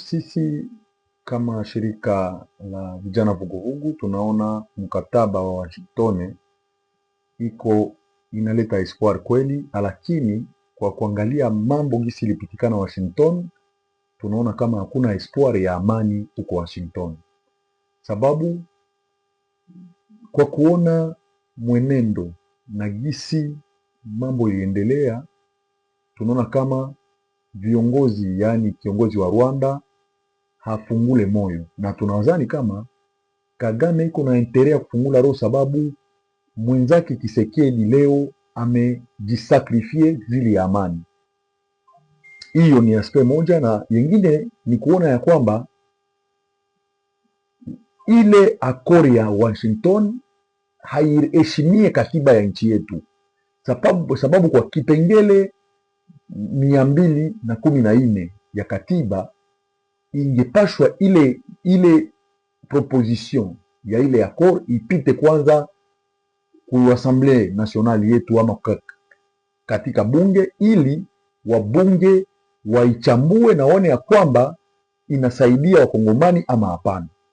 Sisi kama shirika la vijana vuguvugu tunaona mkataba wa Washington iko inaleta espoir kweli, lakini kwa kuangalia mambo gisi ilipitikana Washington, tunaona kama hakuna espoir ya amani huko Washington, sababu kwa kuona mwenendo na gisi mambo iliendelea, tunaona kama viongozi, yaani kiongozi wa Rwanda afungule moyo, na tunadhani kama Kagame iko na intere ya kufungula roho, sababu mwenzake Kisekedi leo amejisakrifie zili ya amani. Hiyo ni aspe moja, na yengine ni kuona ya kwamba ile akori ya Washington haiheshimie katiba ya nchi yetu, sababu, sababu kwa kipengele mia mbili na kumi na nne ya katiba ingepashwa ile est proposition ya ile accord ipite kwanza pour l'Assemblée Nationale yetu ama katika bunge, ili wabunge waichambue na waone ya kwamba inasaidia wakongomani ama hapana.